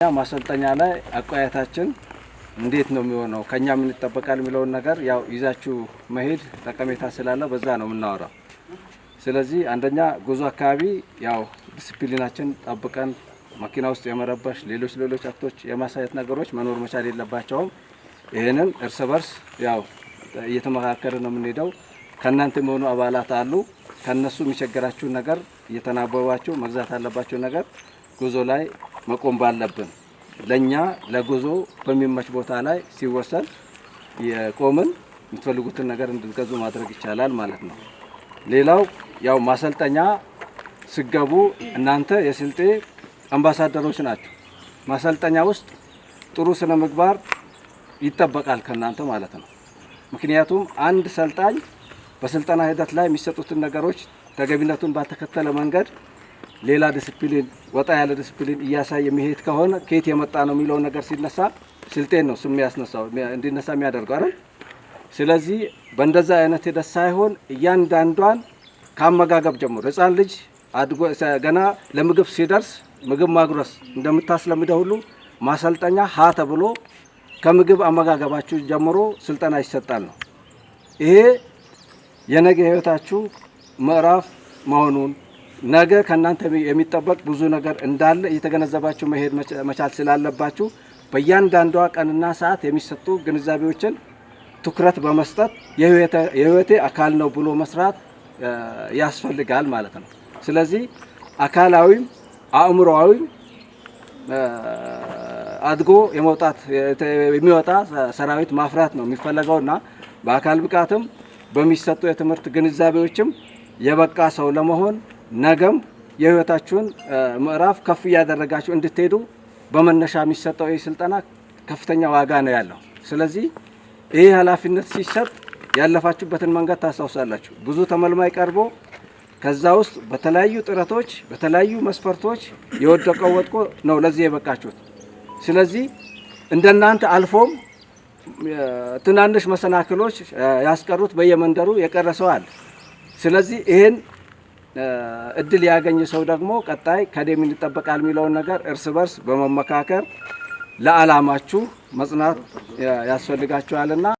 እኛ ማሰልጠኛ ላይ አቋያታችን እንዴት ነው የሚሆነው፣ ከኛ ምን ይጠበቃል የሚለውን ነገር ያው ይዛችሁ መሄድ ጠቀሜታ ስላለው በዛ ነው የምናወራው። ስለዚህ አንደኛ ጉዞ አካባቢ ያው ዲስፕሊናችን ጠብቀን መኪና ውስጥ የመረበሽ ሌሎች ሌሎች አክቶች የማሳየት ነገሮች መኖር መቻል የለባቸውም። ይህንን እርስ በርስ ያው እየተመካከረ ነው የምንሄደው። ከእናንተ የሆኑ አባላት አሉ። ከእነሱ የሚቸገራችሁን ነገር እየተናበባችሁ መግዛት አለባችሁ ነገር ጉዞ ላይ መቆም ባለብን ለእኛ ለጉዞ በሚመች ቦታ ላይ ሲወሰን የቆምን የምትፈልጉትን ነገር እንድትገዙ ማድረግ ይቻላል ማለት ነው። ሌላው ያው ማሰልጠኛ ስገቡ እናንተ የስልጤ አምባሳደሮች ናቸው። ማሰልጠኛ ውስጥ ጥሩ ስነ ምግባር ይጠበቃል ከእናንተ ማለት ነው። ምክንያቱም አንድ ሰልጣኝ በስልጠና ሂደት ላይ የሚሰጡትን ነገሮች ተገቢነቱን ባልተከተለ መንገድ ሌላ ዲስፕሊን ወጣ ያለ ዲስፕሊን እያሳየ መሄድ ከሆነ ከየት የመጣ ነው የሚለው ነገር ሲነሳ ስልጤን ነው ስም ያስነሳው እንዲነሳ የሚያደርገው አይደል? ስለዚህ በእንደዛ አይነት ሂደት ሳይሆን እያንዳንዷን ከአመጋገብ ጀምሮ ህፃን ልጅ አድጎ ገና ለምግብ ሲደርስ ምግብ ማጉረስ እንደምታስለምደው ሁሉ ማሰልጠኛ ሀ ተብሎ ከምግብ አመጋገባችሁ ጀምሮ ስልጠና ይሰጣል ነው። ይሄ የነገ ህይወታችሁ ምዕራፍ መሆኑን ነገ ከእናንተ የሚጠበቅ ብዙ ነገር እንዳለ እየተገነዘባችሁ መሄድ መቻል ስላለባችሁ በእያንዳንዷ ቀንና ሰዓት የሚሰጡ ግንዛቤዎችን ትኩረት በመስጠት የህይወቴ አካል ነው ብሎ መስራት ያስፈልጋል ማለት ነው። ስለዚህ አካላዊም አእምሮዊም አድጎ የመውጣት የሚወጣ ሰራዊት ማፍራት ነው የሚፈለገው እና በአካል ብቃትም በሚሰጡ የትምህርት ግንዛቤዎችም የበቃ ሰው ለመሆን ነገም የህይወታችሁን ምዕራፍ ከፍ እያደረጋችሁ እንድትሄዱ በመነሻ የሚሰጠው ይህ ስልጠና ከፍተኛ ዋጋ ነው ያለው። ስለዚህ ይህ ኃላፊነት ሲሰጥ ያለፋችሁበትን መንገድ ታስታውሳላችሁ። ብዙ ተመልማይ ቀርቦ ከዛ ውስጥ በተለያዩ ጥረቶች በተለያዩ መስፈርቶች የወደቀው ወጥቆ ነው ለዚህ የበቃችሁት። ስለዚህ እንደናንተ አልፎም ትናንሽ መሰናክሎች ያስቀሩት በየመንደሩ የቀረሰው አለ። ስለዚህ ይህን እድል ያገኘ ሰው ደግሞ ቀጣይ ከደምን ይጠበቃል የሚለውን ነገር እርስ በርስ በመመካከር ለዓላማችሁ መጽናት ያስፈልጋችኋልና